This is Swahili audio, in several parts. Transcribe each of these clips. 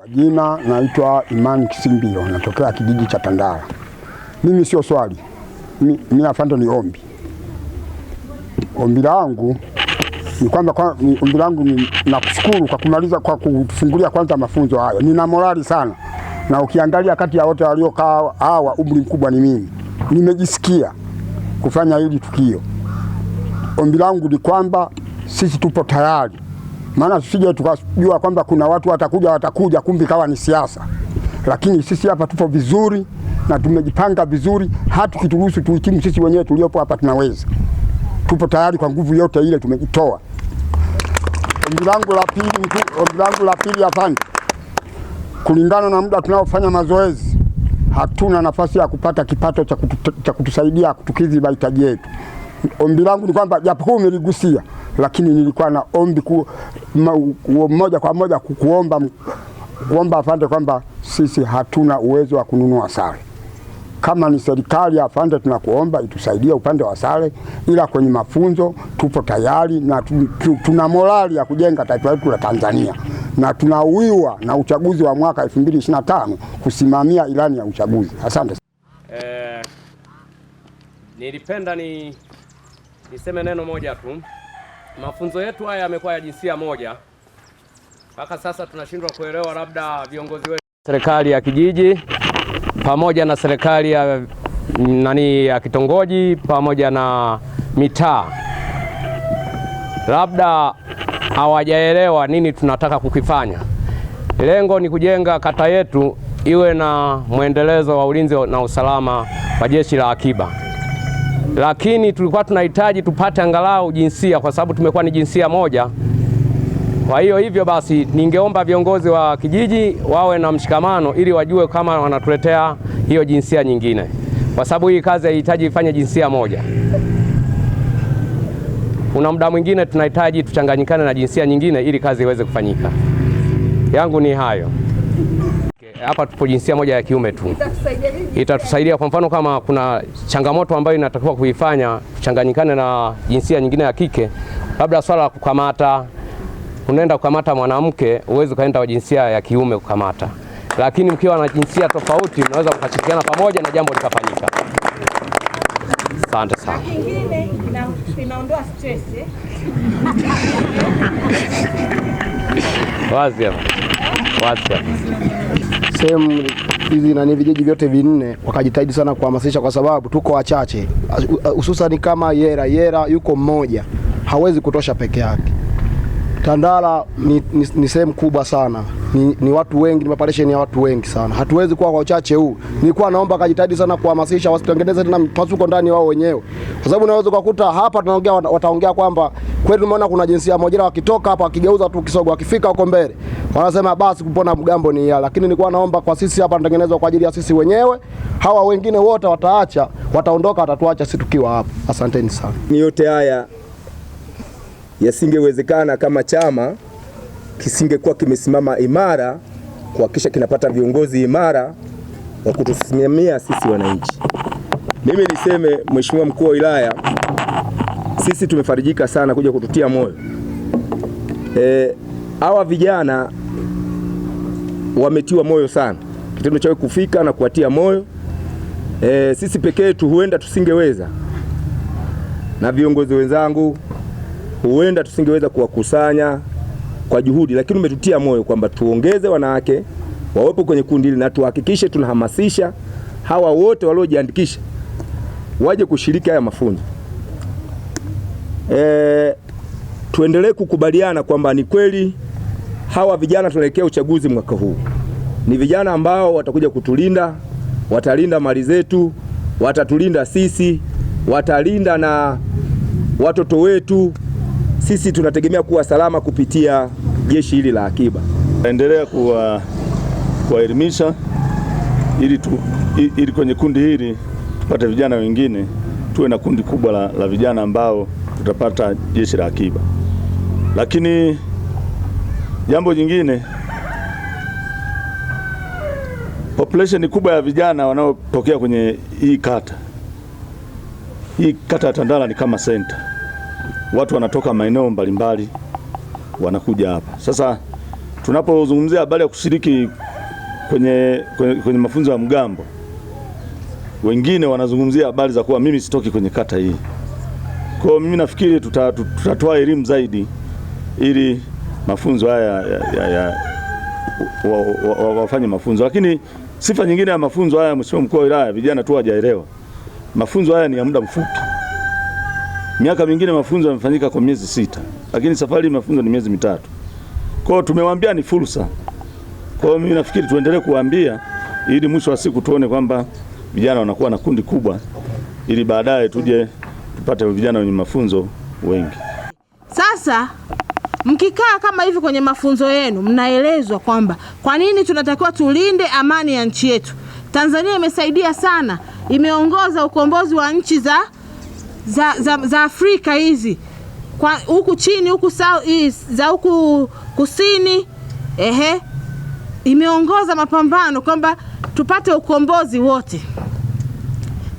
Kwa jina naitwa Imani Kisimbilo, natokea kijiji cha Tandala. Mimi sio swali, mimi afande, ni ombi. Ombi langu ni kwamba kwa, ombi langu nakushukuru kwa kumaliza kwa kufungulia kwanza mafunzo hayo. Nina morali sana, na ukiangalia kati ya wote waliokaa hawa umri mkubwa ni mimi. Nimejisikia kufanya hili tukio. Ombi langu ni kwamba sisi tupo tayari maana tusije tukajua kwamba kuna watu watakuja watakuja, kumbi kawa ni siasa. Lakini sisi hapa tupo vizuri na tumejipanga vizuri, hata kituruhusu tuitimu sisi wenyewe tuliopo hapa tunaweza, tupo tayari kwa nguvu yote ile, tumejitoa. Ombi langu la pili, ombi langu la pili afande, kulingana na muda tunaofanya mazoezi, hatuna nafasi ya kupata kipato cha kutusaidia kutukidhi mahitaji yetu. Ombi langu ni kwamba japokuwa umeligusia lakini nilikuwa na ombi ku, moja kwa moja kukuomba kuomba afande kwamba sisi hatuna uwezo wa kununua sare. Kama ni serikali, afande, tunakuomba itusaidie upande wa sare, ila kwenye mafunzo tupo tayari na tu, tu, tuna morali ya kujenga taifa letu la Tanzania na tunauiwa na uchaguzi wa mwaka 2025 kusimamia ilani ya uchaguzi. Asante. Eh, nilipenda ni niseme neno moja tu mafunzo yetu haya yamekuwa ya jinsia moja mpaka sasa tunashindwa kuelewa, labda viongozi wetu serikali ya kijiji pamoja na serikali ya nani ya kitongoji pamoja na mitaa labda hawajaelewa nini tunataka kukifanya. Lengo ni kujenga kata yetu iwe na mwendelezo wa ulinzi na usalama wa jeshi la akiba lakini tulikuwa tunahitaji tupate angalau jinsia, kwa sababu tumekuwa ni jinsia moja. Kwa hiyo hivyo basi, ningeomba viongozi wa kijiji wawe na mshikamano, ili wajue kama wanatuletea hiyo jinsia nyingine, kwa sababu hii kazi haihitaji ifanye jinsia moja. Kuna muda mwingine tunahitaji tuchanganyikane na jinsia nyingine ili kazi iweze kufanyika. Yangu ni hayo hapa tupo jinsia moja ya kiume tu, itatusaidia. Kwa mfano kama kuna changamoto ambayo inatakiwa kuifanya tuchanganyikane na jinsia nyingine ya kike, labda swala la kukamata, unaenda kukamata mwanamke, uwezi ukaenda wa jinsia ya kiume kukamata, lakini mkiwa na jinsia tofauti mnaweza mkashirikiana pamoja na jambo likafanyika. Asante sana. Inaondoa stress wazi wazi sehemu hizi nani vijiji vyote vinne wakajitahidi sana kuhamasisha, kwa sababu tuko wachache, hususani kama Yera. Yera yuko mmoja, hawezi kutosha peke yake. Tandala ni, ni, ni sehemu kubwa sana ni, ni watu wengi, ni population ya watu wengi sana. Hatuwezi kuwa kwa uchache huu. Nilikuwa naomba kajitahidi sana kuhamasisha wasitengeneze tena mpasuko ndani wao wenyewe, kwa sababu unaweza kukuta hapa tunaongea, wataongea kwamba kweli tumeona kuna jinsia moja, wakitoka hapa wakigeuza tu kisogo, wakifika huko mbele wanasema basi kupona mgambo ni ya. Lakini nilikuwa naomba kwa sisi hapa tunatengenezwa kwa ajili ya sisi wenyewe, hawa wengine wote wataacha, wataondoka, watatuacha sisi tukiwa hapa. Asanteni sana. Ni yote haya yasingewezekana kama chama kisingekuwa kimesimama imara kuhakikisha kinapata viongozi imara wa kutusimamia sisi wananchi. Mimi niseme Mheshimiwa Mkuu wa Wilaya, sisi tumefarijika sana kuja kututia moyo e, hawa e, vijana wametiwa moyo sana, kitendo chao kufika na kuwatia moyo e, sisi pekee tu huenda tusingeweza, na viongozi wenzangu huenda tusingeweza kuwakusanya kwa juhudi, lakini umetutia moyo kwamba tuongeze wanawake wawepo kwenye kundi hili na tuhakikishe tunahamasisha hawa wote waliojiandikisha waje kushiriki haya mafunzo. E, tuendelee kukubaliana kwamba ni kweli hawa vijana tunaelekea uchaguzi mwaka huu, ni vijana ambao watakuja kutulinda, watalinda mali zetu, watatulinda sisi, watalinda na watoto wetu sisi tunategemea kuwa salama kupitia jeshi hili la akiba. Endelea kuwaelimisha ili, tu, ili kwenye kundi hili tupate vijana wengine, tuwe na kundi kubwa la, la vijana ambao tutapata jeshi la akiba. Lakini jambo jingine, population kubwa ya vijana wanaotokea kwenye hii kata, hii kata ya Tandala ni kama senta watu wanatoka maeneo mbalimbali wanakuja hapa. Sasa tunapozungumzia habari ya kushiriki kwenye, kwenye, kwenye mafunzo ya mgambo, wengine wanazungumzia habari za kuwa mimi sitoki kwenye kata hii. Kwa mimi nafikiri tuta, tutatoa elimu zaidi ili mafunzo haya ya, ya, ya, wafanye mafunzo lakini sifa nyingine ya mafunzo haya, Mheshimiwa Mkuu wa Wilaya, vijana tu wajaelewa, mafunzo haya ni ya muda mfupi. Miaka mingine mafunzo yamefanyika kwa miezi sita, lakini safari mafunzo ni miezi mitatu. Kwa hiyo tumewaambia ni fursa. Kwa hiyo mimi nafikiri tuendelee kuambia ili mwisho wa siku tuone kwamba vijana wanakuwa na kundi kubwa, ili baadaye tuje tupate vijana wenye mafunzo wengi. Sasa mkikaa kama hivi kwenye mafunzo yenu, mnaelezwa kwamba kwa nini tunatakiwa tulinde amani ya nchi yetu. Tanzania imesaidia sana, imeongoza ukombozi wa nchi za za, za, za Afrika hizi kwa huku chini huku za huku kusini ehe, imeongoza mapambano kwamba tupate ukombozi wote.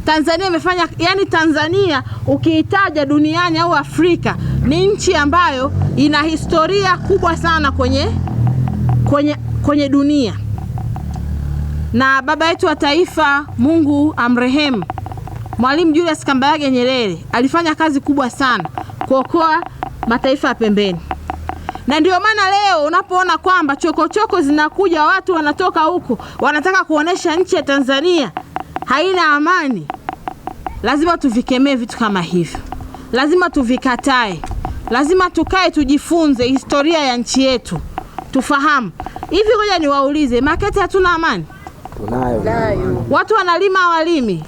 Tanzania imefanya yani, Tanzania ukiitaja duniani au Afrika ni nchi ambayo ina historia kubwa sana kwenye, kwenye, kwenye dunia na baba yetu wa taifa Mungu amrehemu Mwalimu Julius Kambarage Nyerere alifanya kazi kubwa sana kuokoa mataifa ya pembeni, na ndio maana leo unapoona kwamba chokochoko zinakuja, watu wanatoka huko wanataka kuonesha nchi ya Tanzania haina amani, lazima tuvikemee vitu kama hivyo, lazima tuvikatae, lazima tukae tujifunze historia ya nchi yetu tufahamu hivi. Ngoja niwaulize, Makete hatuna amani? Tunayo. Watu wanalima hawalimi,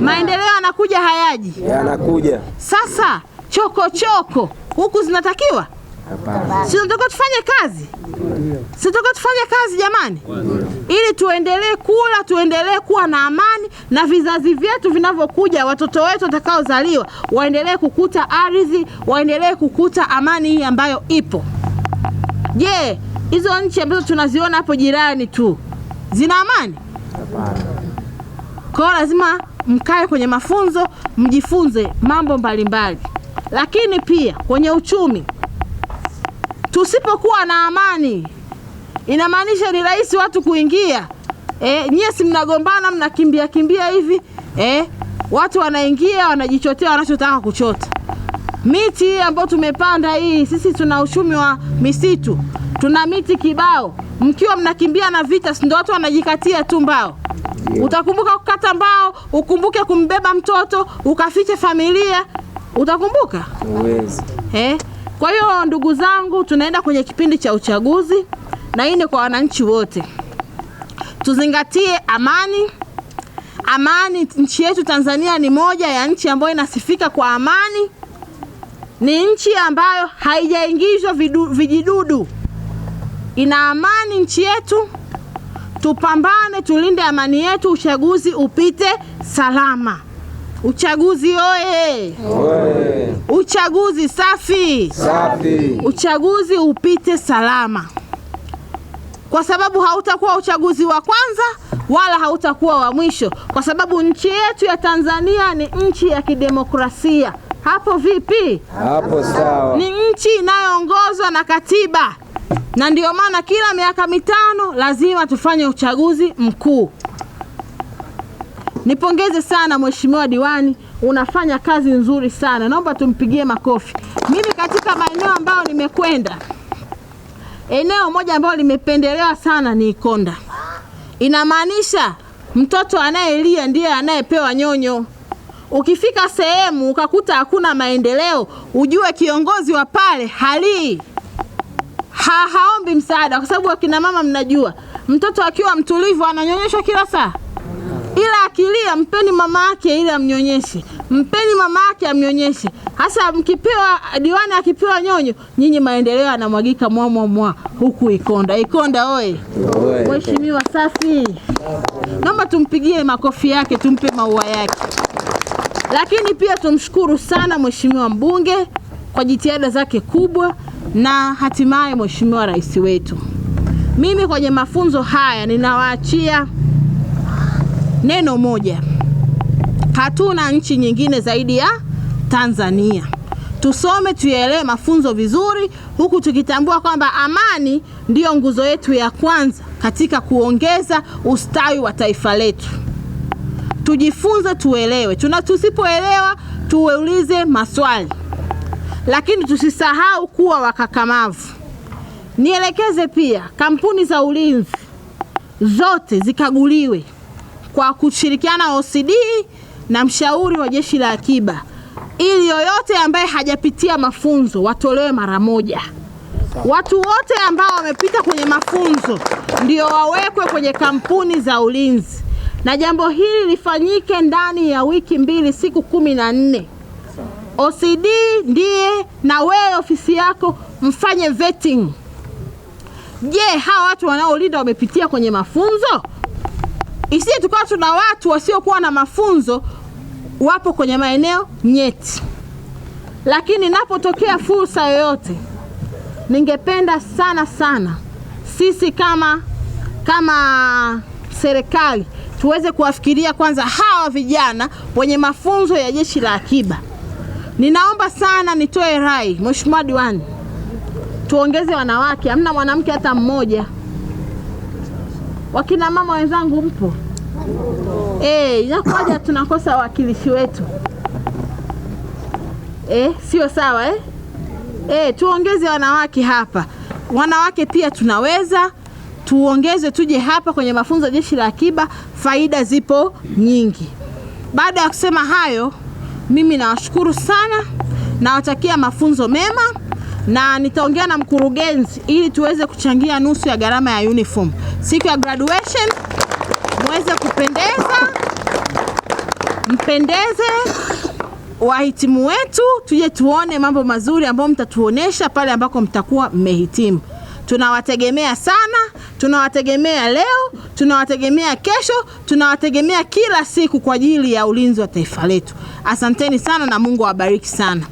maendeleo yanakuja hayaji, yanakuja. Sasa chokochoko huku zinatakiwa si tufanye kazi, si tufanye kazi jamani, ili tuendelee kula, tuendelee kuwa na amani, na vizazi vyetu vinavyokuja, watoto wetu watakaozaliwa waendelee kukuta ardhi, waendelee kukuta amani hii ambayo ipo. Je, hizo nchi ambazo tunaziona hapo jirani tu zina amani? Kwa lazima mkae kwenye mafunzo, mjifunze mambo mbalimbali mbali. Lakini pia kwenye uchumi tusipokuwa na amani inamaanisha ni rahisi watu kuingia e, nyie si mnagombana mnakimbia kimbia hivi e, watu wanaingia wanajichotea wanachotaka kuchota. Miti hii ambayo tumepanda hii, sisi tuna uchumi wa misitu tuna miti kibao. Mkiwa mnakimbia na vita, si ndio watu wanajikatia tu mbao? Yeah. Utakumbuka kukata mbao, ukumbuke kumbeba mtoto, ukafiche familia, utakumbuka uwezi. Eh, kwa hiyo ndugu zangu, tunaenda kwenye kipindi cha uchaguzi, na hii ni kwa wananchi wote, tuzingatie amani amani. Nchi yetu Tanzania ni moja ya nchi ambayo inasifika kwa amani, ni nchi ambayo haijaingizwa vijidudu ina amani nchi yetu. Tupambane, tulinde amani yetu, uchaguzi upite salama. Uchaguzi oye! Uchaguzi safi! Safi! Uchaguzi upite salama, kwa sababu hautakuwa uchaguzi wa kwanza wala hautakuwa wa mwisho, kwa sababu nchi yetu ya Tanzania ni nchi ya kidemokrasia. Hapo vipi? Hapo sawa. Ni nchi inayoongozwa na katiba na ndio maana kila miaka mitano lazima tufanye uchaguzi mkuu. Nipongeze sana mheshimiwa diwani, unafanya kazi nzuri sana, naomba tumpigie makofi. Mimi katika maeneo ambayo nimekwenda, eneo moja ambalo limependelewa sana ni Ikonda. Inamaanisha mtoto anayelia ndiye anayepewa nyonyo. Ukifika sehemu ukakuta hakuna maendeleo, ujue kiongozi wa pale halii ha, haombi msaada, kwa sababu akina mama mnajua mtoto akiwa mtulivu ananyonyeshwa kila saa, ila akilia mpeni mama yake ili amnyonyeshe, mpeni mama yake amnyonyeshe. Hasa mkipewa diwani, akipewa nyonyo, nyinyi maendeleo mwa mwamwamwa huku Ikonda. Ikonda oye! Mheshimiwa safi, naomba tumpigie makofi yake, tumpe maua yake. Lakini pia tumshukuru sana mheshimiwa mbunge kwa jitihada zake kubwa na hatimaye Mheshimiwa Rais wetu. Mimi kwenye mafunzo haya ninawaachia neno moja, hatuna nchi nyingine zaidi ya Tanzania. Tusome tuyaelewe mafunzo vizuri, huku tukitambua kwamba amani ndiyo nguzo yetu ya kwanza katika kuongeza ustawi wa taifa letu. Tujifunze, tuelewe tuna, tusipoelewa tuulize maswali lakini tusisahau kuwa wakakamavu. Nielekeze pia kampuni za ulinzi zote zikaguliwe kwa kushirikiana OCD na mshauri wa jeshi la akiba, ili yoyote ambaye hajapitia mafunzo watolewe mara moja. Watu wote ambao wamepita kwenye mafunzo ndio wawekwe kwenye kampuni za ulinzi, na jambo hili lifanyike ndani ya wiki mbili, siku kumi na nne. OCD ndiye na wewe ofisi yako mfanye vetting. Je, hawa watu wanaolinda wamepitia kwenye mafunzo? Isije tukawa tuna watu wasiokuwa na mafunzo wapo kwenye maeneo nyeti. Lakini napotokea fursa yoyote, ningependa sana sana sisi kama kama serikali tuweze kuwafikiria kwanza hawa vijana wenye mafunzo ya Jeshi la Akiba. Ninaomba sana nitoe rai, Mheshimiwa Diwani, tuongeze wanawake, hamna mwanamke hata mmoja. Wakina mama wenzangu mpo eh? Inakuwaje tunakosa wawakilishi wetu eh? Sio sawa eh? Eh, tuongeze wanawake hapa. Wanawake pia tunaweza tuongeze, tuje hapa kwenye mafunzo ya Jeshi la Akiba, faida zipo nyingi. Baada ya kusema hayo mimi nawashukuru sana, nawatakia mafunzo mema na nitaongea na mkurugenzi ili tuweze kuchangia nusu ya gharama ya uniform siku ya graduation, muweze kupendeza, mpendeze wahitimu wetu, tuje tuone mambo mazuri ambayo mtatuonesha pale ambako mtakuwa mmehitimu. Tunawategemea sana tunawategemea leo, tunawategemea kesho, tunawategemea kila siku kwa ajili ya ulinzi wa taifa letu. Asanteni sana na Mungu awabariki sana.